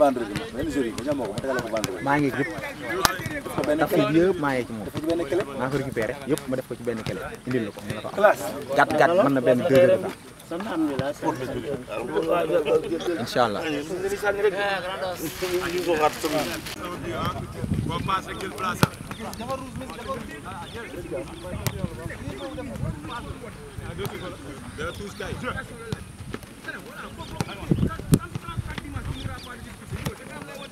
vendredi ma benn jour yi ba ñu amoo ko ma tegale ko vendredi. maa ngi yëpp daf ko yëpp maa ngi ci moom maa ngi ko récupéré yëpp ma def ko ci benn kele indil la ko mën na ko am. classe gàtt gàtt mën na benn deux heures de incha allah. Thank you.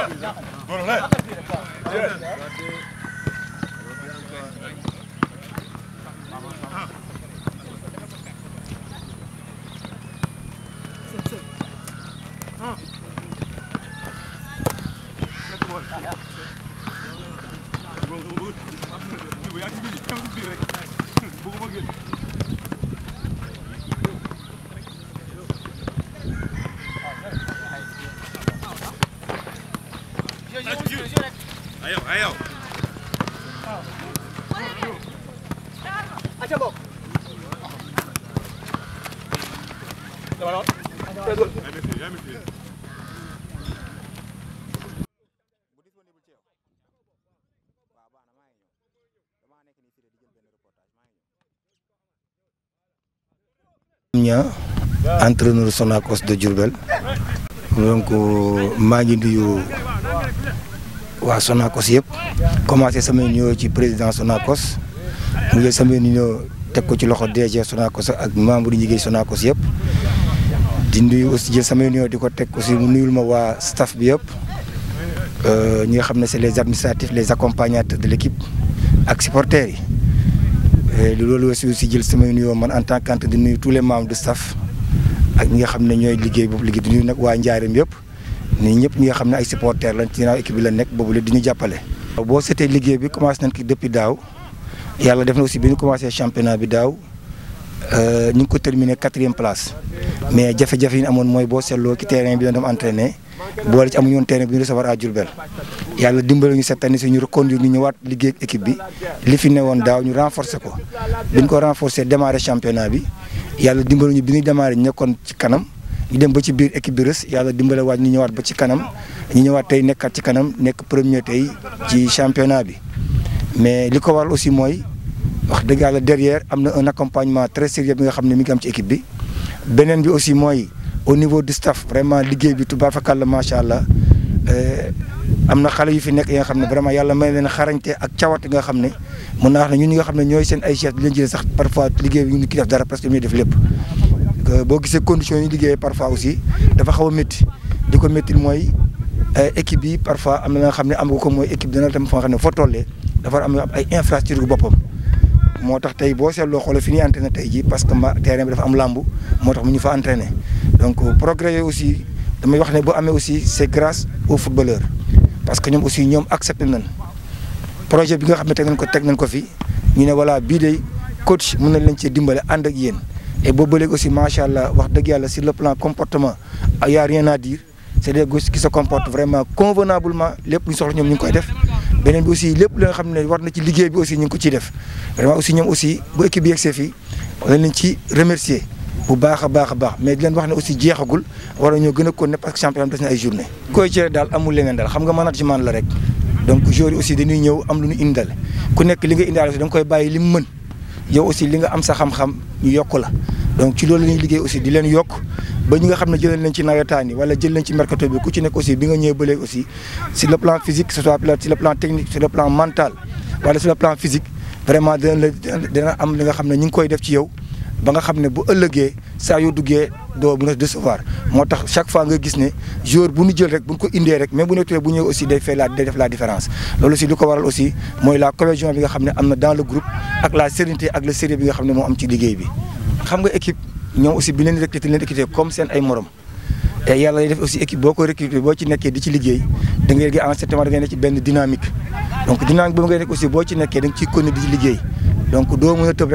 Go left. Yes. Bugün bugün. Niang entraîneur Sonacos de Diourbel donc maa ngi nuyu waa Sonacos yëpp commencer samay nuyoo ci président Sonacos mu jël samay nuyoo teg ko ci loxo DG Sonacos ak membre yi liggéey Sonacos yëpp di nuyu aussi jël samay nuyoo di ko teg aussi mu nuyul ma waa staff bi yëpp euh, ñi nga xam ne c'est les administratifs les accompagnateurs de l'équipe ak supporters yi. Eh, loolu aussi aussi jël sama nuyoo man en tant que di nuyu tous les membres de staff ak ñi nga xam ne ñooy liggéey boobu liggéey di nuyu nag waa Njaareem yëpp nii ñëpp ñi nga xam ne ay supporters lañ ci ginnaaw équipe bi la nekk boobu la ñu jàppale. boo seetee liggéey bi commencé nañ ko depuis daaw yàlla def na aussi bi ñu commencé championnat bi daaw euh, ñu ngi ko terminé quatrième place mais jafe-jafe yi ñu amoon mooy boo setloo ci terrain bi doon dem entraîné boole ci amuñu woon terrain bi ñu recevoir a Diourbel yàlla dimbale ñu cette année si ñu reconduire ñu ñëwaat liggéey ak bi li fi ne woon daaw ñu renforcer ko bi ñu ko renforcer démarrer championnat bi yàlla dimbali ñu bi ñuy démarrer ñu nekkoon ci kanam ñu dem ba ci biir équipe bi rës yàlla dimbale waat ñu ñëwaat ba ci kanam ñu ñëwaat tey nekkaat ci kanam nekk premier tey ci championnat bi mais li ko waral aussi mooy wax dëgg yàlla derrière am na un accompagnement très sérieux bi nga xam ne mi ngi am ci équipe bi beneen mooy au niveau du staff vraiment liggéey bi tubaab fakàlla macha allah euh, am na xale yu fi nekk yi nga xam ne vraiment yàlla may leen xarañte ak cawat nga xam naa wax ne ñun nga xam ne ñooy seen ay chef di leen jëlee sax parfois liggéey bi ñu ki def dara parce que ñuy def lépp boo gisee conditions ñu liggéeyee parfois aussi dafa xaw a métti di ko métti mooy eh, équipe bi parfois am na nga xam ne am nga ko mooy équipe dana tam fa nga xam ne foo tollee dafa am ay infrastructure boppam moo tax tey boo seetloo xoolee fi ñuy entraîné tey jii parce que ma terrain bi dafa am làmb moo tax mu ñu fa entraîné donc progrès aussi damay wax ne bu amee aussi c'est grâce aux footballeurs parce que ñoom aussi ñoom accepté nañ projet bi nga xam ne teg nañ ko teg nañ ko fi ñu ne voilà bii de coach mun nañ leen cee dimbale ànd ak yéen et boobu ba aussi macha allah wax dëgg yàlla si le plan comportement y a rien à dire c'est des gosses qui se comporte vraiment convenablement lépp lu ñu soxla ñoom ñu ngi koy def. beneen bi aussi lépp li nga xam ne war na ci liggéey bi aussi ñu ngi ko ciy def vraiment aussi ñoom aussi bu équipe bi yegsee fii lañ leen ci remercier. bu baax a baax a baax mais di leen wax ne aussi jeexagul war nañoo gën a continuer parce que championnat bi des na ay journée koy cere daal amul leneen daal xam rek donc joueurs yi aussi dañuy ñëw lu ñu indal ku nekk li nga indaale aussi da nga koy bàyyi li mu mën yow aussi li nga am sa xam-xam ñu yokk la donc ci loolu la ñuy liggéey aussi di leen yokk ba ñu nga xam ne jëleen leen ci nawetaan yi wala jël leen ci mercato bi ku ci nekk aussi bi nga ñëwee ba léegi aussi sur le plan physique sur le plan technique sur le plan mental wala sur le plan physique vraiment dina am li nga xam ne ñu ngi koy def ci yow ba nga xam ne bu ëllëgee sa yoo duggee doo mën a décevoir moo tax chaque fois nga gis ne jour bu ñu jël rek bu ñu ko indee rek mais bu ñu tuddee bu ñëwee aussi day fay la day def la différence. loolu aussi lu ko waral aussi mooy la cohésion bi nga xam ne am na dans bi nga xam ne moo am ci liggéey bi. xam nga équipe ñoom aussi bi leen recruté leen recruté comme seen ay morom te def aussi équipe boo ko recruté boo ci nekkee di ci liggéey da ngay gi en ce moment da ngay nekk ci benn dynamique. donc dynamique boobu ngay nekk aussi boo ci nekkee da nga ciy continuer di ci liggéey donc doo mën a tëb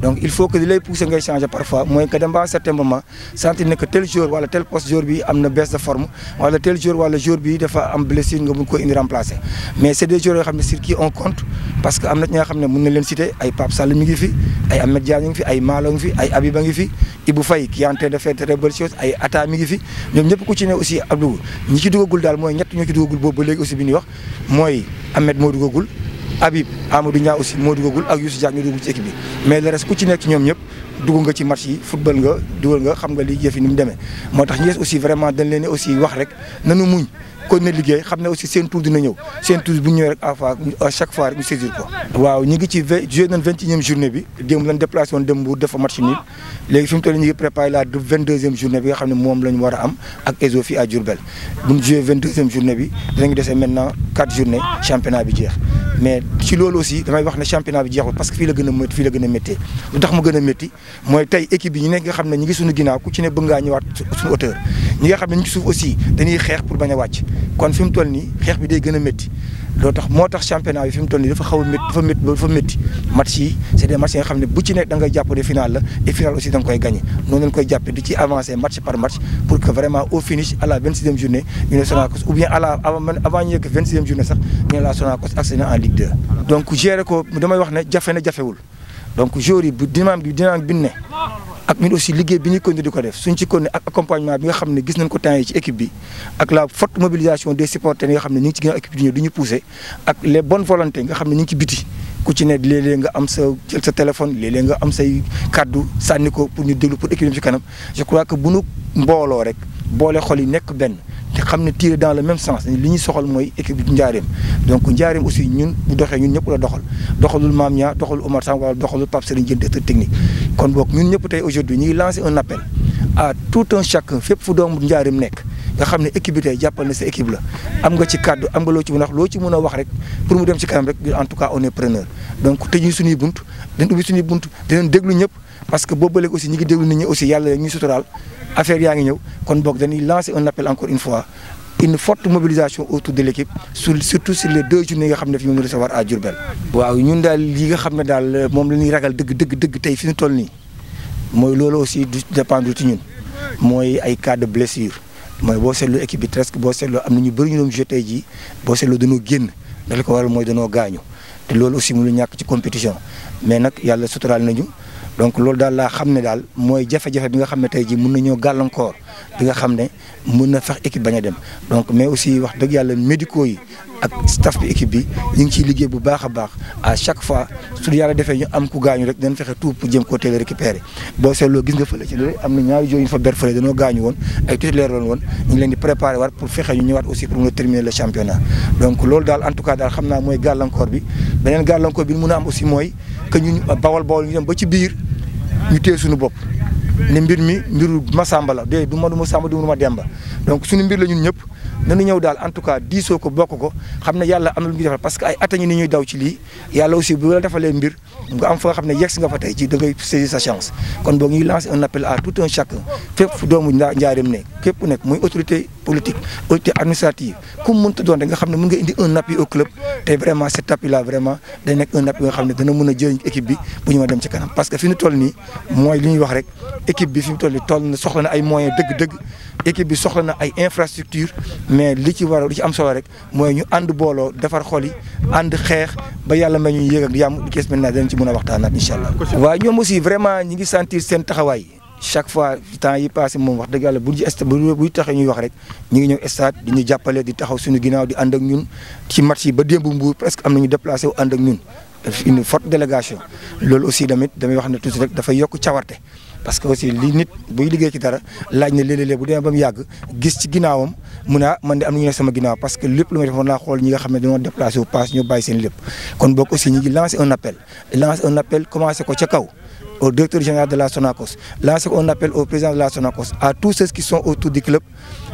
donc il faut que li lay pousser ngay changer parfois mooy que dem ba certain moment ne que tel jour wala tel poste jour bi am na baisse de forme wala tel jour wala jour bi dafa am blessure nga mun ko indi remplacer mais c'est des joueurs xam ne sur qui compte parce que am na ñi xam ne mën na leen ay Pape Sall mi ngi fi ay Ahmed Dia ngi fi ay Malo fi ay Abiba fi Ibou Faye qui est en train de faire très bonne chose ay Ata mi ngi fi ñoom ñëpp ku ci ne aussi Abdou ñi ci dugagul daal mooy ñett ñoo ci dugagul boobu ba léegi Habib amadu Niang aussi moo duggagul ak Youssou Diagne ñu duggul ci équipe bi mais le reste ku ci nekk ñoom ñëpp dugg nga ci match yi football nga dugal nga xam nga li yëf yi ni mu demee moo tax ñu aussi vraiment dañ leen aussi wax rek nanu muñ kon na liggéey xam ne aussi seen tour dina ñëw seen tour bu ñu rek à fois chaque fois rek ñu saisir ko. waaw ñu ngi ci vingt joué nañ ngi préparé la vingt deuxième journée bi nga xam ne moom la war a am ak ESO fii à Diourbel bu ñu joué vingt deuxième journée bi dinañ dese maintenant quatre journées championnat bi jeex. mais ci loolu aussi damay wax ne championnat bi jeex parce que fii la gën a métti fii la gën a métti lu tax mu gën a métti mooy tey équipe xam ne ñu ngi suñu ginnaaw ku ci ne bëgg ngaa ñi nga xam ne ñu ci xeex pour bañ a wàcc kon fi mu toll nii xeex bi day gën a métti loo tax moo tax championnat bi fi toll nii dafa xaw a métti dafa métti dafa métti match yi nga xam ne bu ci nekk da ngay jàpp ne final la et final aussi da koy gagné noonu lañ koy jàppee di ci avancer match par match pour que vraiment au finish à la vingt sixième journée en Ligue 2. donc gérer ko damay wax ne jafe na jafewul donc jour dinaam bi ak ñun aussi liggéey bi ñuy continuer di ko def suñ ci continuer ak accompagnement bi nga xam ne gis nañ ko temps yi ci équipe bi ak la forte mobilisation des supporters nga xam ne ñu ci ginnaaw équipe bi du ñu poussé ak les bonnes volontés nga xam ne ñu ngi ci biti ku ci ne léeg-léeg nga am sa jël sa téléphone léeg-léeg nga am say kàddu sànni ko pour ñu déglu pour équipe bi ci kanam je crois que bu nu mbooloo rek boole xol yi nekk benn xam ne tiré dans le même sens li ñuy soxal mooy équipe bi njaareem donc njaareem aussi ñun bu doxee ñun ñëpp la doxal doxalul maam Niang doxalul Omar Sam wala doxalul Pape Serigne Diène directeur technique kon boog ñun ñëpp tey aujourd'hui ñu ngi lancé un appel à tout un chacun fépp fu doomu njaareem nekk nga xam ne équipe tey jàppal na sa équipe la am nga ci kàddu am nga loo ci mën a wax loo ci mën a wax rek pour mu dem ci kanam rek en tout cas on est preneur donc tëjuñ suñuy bunt bunt dinañ déglu ñëpp parce que boo léegi aussi ñi ngi déglu nit ñi aussi yàlla ñuy suturaal affaire yaa ngi ñëw kon boog dañuy lancer un appel encore une fois une forte mobilisation autour de l' surtout sur les deux journées nga xam ne fi moom la recevoir à Diourbel. waaw ñun daal yi nga xam ne daal moom la ñuy ragal dëgg dëgg dëgg tey fi ñu toll nii mooy loolu aussi du dépendre ci ñun mooy ay cas de blessure mooy boo seetloo équipe bi presque boo seetloo am na ñu bëri ñu doon jeté ji boo seetloo génn ko waral mooy dañoo gaañu te loolu aussi mënul ñàkk ci compétition mais nag yàlla suturaal nañu. donc loolu daal laa xam ne daal mooy jafe-jafe xam ne tey jii mun nañoo gàllankoor bi nga xam ne mun na fex équipe bañ a dem donc mais aussi wax dëgg yàlla médicaux yi ak ñu ngi ciy liggéey bu baax a baax à chaque fois su yàlla defee ñu am ku gaañu rek dinañ fexe tout pour na ñaari jours yu ñu fa ber fële dañoo gaañu woon ay titulaire loon woon ñu ngi leen di préparer waat pour fexe a terminer le championnat donc loolu daal en tout cas daal xam naa mooy gàllankoor bi beneen gàllankoor bi mun a am aussi mooy que ñu bawal bawal ñu dem ba ci biir ñu téye suñu bopp ne mbir mi mbiru Masamba la de du ma du ma Samba du ma Demba donc suñu mbir la ñëpp nañu ñëw daal en tout cas diisoo ko bokk ko xam ne yàlla am na lu ñu defal parce que ay atañu ni ñuy daw ci lii yàlla aussi bu la defalee mbir nga am fa xam ne yegsi nga fa tey ci da ngay saisir sa chance kon boog ñuy lancer un appel à tout un chacun fépp doomu njaareem ne képp nekk muy autorité politique autorité administrative ku mu mënta doon rek nga xam ne mën nga indi un appui au club te vraiment cet appui vraiment day nekk un appui nga xam ne dana mën a jëriñ équipe bi bu ñu ma dem ci kanam parce que fi ñu toll nii mooy li ñuy wax rek équipe bi fi ñu toll nii toll na soxla na ay moyens dëgg-dëgg équipe bi soxla na ay infrastructure mais li ci war li ci am solo rek mooy ñu ànd booloo defar xol yi ànd xeex ba yàlla may ñu yéeg ak yàmm di kees mel a waxtaanaat incha allah waaw chaque fois temps yi passé moom wax dëgg yàlla bu ñu buy taxee ñuy wax rek ñu ngi ñëw stade di ñu jàppale di taxaw suñu ginnaaw di ànd ak ñun ci match yi ba démb mbuur presque am nañu déplacé wu ànd ak ñun une forte délégation loolu aussi tamit damay wax ne toujours rek dafay yokk cawarte parce que aussi li nit buy liggéey ci dara laaj na léeg-léeg bu demee ba mu yàgg gis ci ginnaawam mun a man de am nañu ne sama ginnaaw parce que lépp lu may def naa xool ñi nga xam ne dañoo déplacé wu paas ñu bàyyi seen lépp kon boog aussi ñu ngi lancé un appel lancé un appel commencé ko ca kaw au directeur général de la Sonacos, lancer un appel au président de la Sonacos, à tous ceux qui sont autour du club,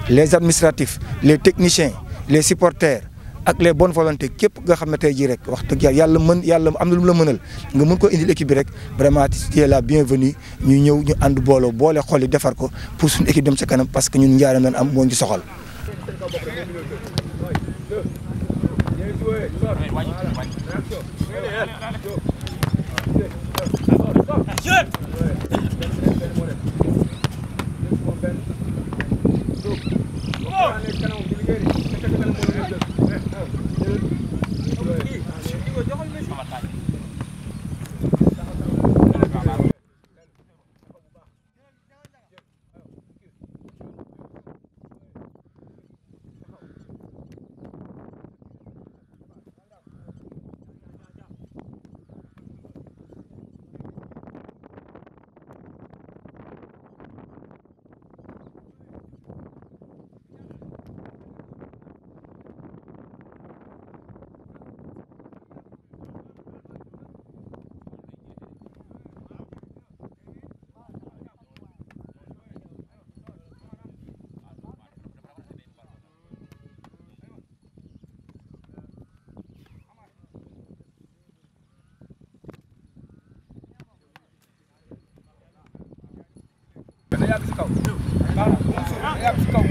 les administratifs, les techniciens, les supporters, ak les bonnes volontés képp nga xam ne tey jii rek wax dëgg yàlla yàlla mën yàlla am na lu mu la mënal nga mën ko indil équipe bi rek vraiment tu es la bienvenue ñu ñëw ñu ànd booloo boole xol yi defar ko pour suñu équipe dem sa kanam parce que ñun njaaram lañ am moo ñu soxal. Go, shoot! yàgg si kaw. baax na yàgg si kaw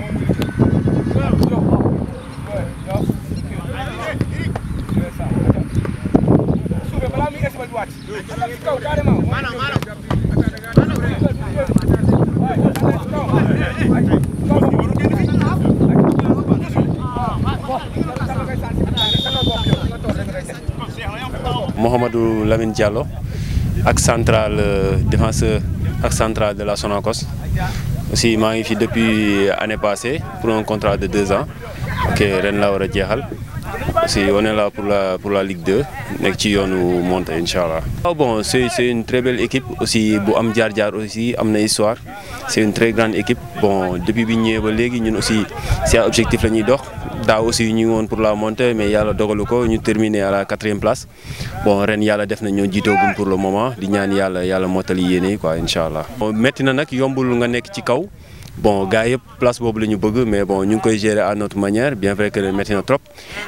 ak central euh, central de la sonakos aussi maa ngi fi depuis année passée pour un contrat de deux ans ok ren la war a jeexal aussi on pour la pour la Ligue 2 nekk ci yoonu monté incha allah. Oh, bon c' est une très belle équipe aussi bu am jaar-jaar aussi am na histoire c' est une très grande équipe bon depuis bi ñëwee ba léegi ñun aussi c' est objectif la ñuy dox. daaw aussi ñu ngi woon pour la montée mais yàlla dogalu ko ñu terminé à la quatrième place bon ren yàlla def na ñoo jiitoogum pour le moment di ñaan yàlla yàlla mottali yéene quoi incha allah. métti na nag yombul nga nekk ci kaw. bon gars yëpp place boobu la ñu bëgg mais bon ñu ngi koy gérer à notre manière bien vrai que métti na trop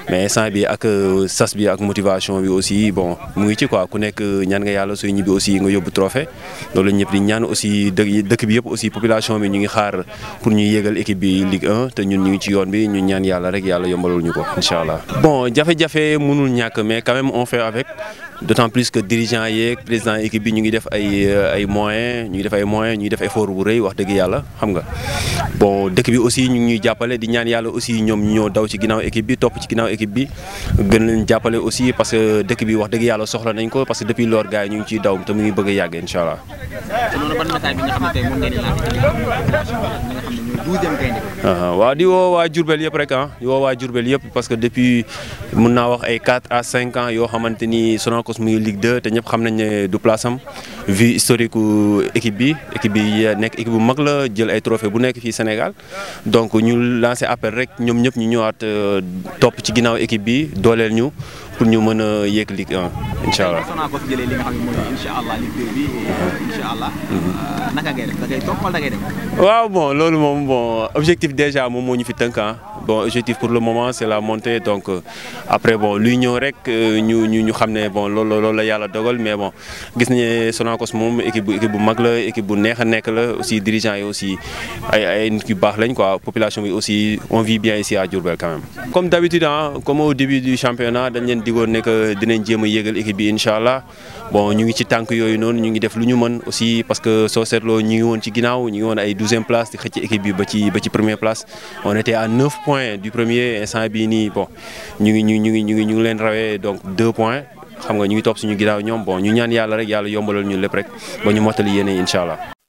mais instant bi ak euh, sas bi ak motivation bi aussi bon mu ngi ci quoi ku nekk euh, ñaan nga yàlla sooy ñibbi aussi nga yóbbu trophée loolu ñëpp di ñaan aussi dëkk bi yëpp aussi population bi ñu ngi xaar pour ñu yégal équipe bi Ligue 1 te ñu ngi ci yoon bi ñu ñaan yàlla rek yàlla yombalul ñu ko incha allah. bon jafe-jafe mënul ñàkk mais quand même fait avec. d'autant plus que dirigeant yeeg président équipe bi ñu ngi def ay euh, ay moyens ñu ngi def ay moyens ñu ngi def ay effort bu rëy wax dëgg yàlla xam nga bon dëkk bi aussi ñu ngi ñuy jàppale di ñaan yàlla aussi ñoom ñu ñoo daw ci ginnaaw équipe bi topp ci ginnaaw équipe bi gën leen jàppale aussi parce que dëkk bi wax dëgg yàlla soxla nañ ko parce que depuis lors gars yi ñu ngi ciy daw te mu ngi bëgg a yàgg incha allah. douzième gaynde ah, ah. waaw di woo waa Diourbel yëpp rek ah di woo waa Diourbel yëpp parce que depuis mun naa wax ay 4 à 5 ans yoo xamante ni Sonacos mu ngi de te ñëpp xam nañ ne du place am vu historique équipe bi équipe bi nekk équipe bu mag la jël ay trophée bu nekk fii Sénégal donc ñu lancé appel rek ñoom ñëpp ñu ñëwaat euh, topp ci ginnaaw équipe bi dooleel ñu. pour ñu mën a yéeg Ligue 1 incha allah. Uh-huh. Mm-hmm. Uh, waaw bon loolu moom bon objectif déjà moom moo ñu fi tënk ah. bon objectif pour le moment c'est la montée donc euh, après bon luy ñëw rek euh, ñu ñu ñu xam ne bon loolu loolu la yàlla dogal mais bon gis nañu Sonacos moom équipe moom équipe bu mag la équipe bu neex a nekk la aussi dirigeants yi aussi ay ay nit yu baax lañ quoi population bi aussi on vit bien ici à Diourbel quand même. comme d'habitude ah comme au début du championnat dañ leen digoon ne que dinañ jéem a yégal équipe bi incha allah bon ñu ngi ci tànk yooyu noonu ñu ngi def lu ñu mën aussi parce que soo seetloo ñu ngi woon ci woon ay douzième place di xëcc équipe bi ba ci ba ci première points du premier instant bii nii bon ñu ngi ñu ngi ñu ngi ñu ngi leen rawee donc deux points xam nga ñu ngi topp suñu ginnaaw ñoom bon ñu ñaan yàlla rek yàlla yombalal ñu lépp rek ba ñu mottali yéene incha allah.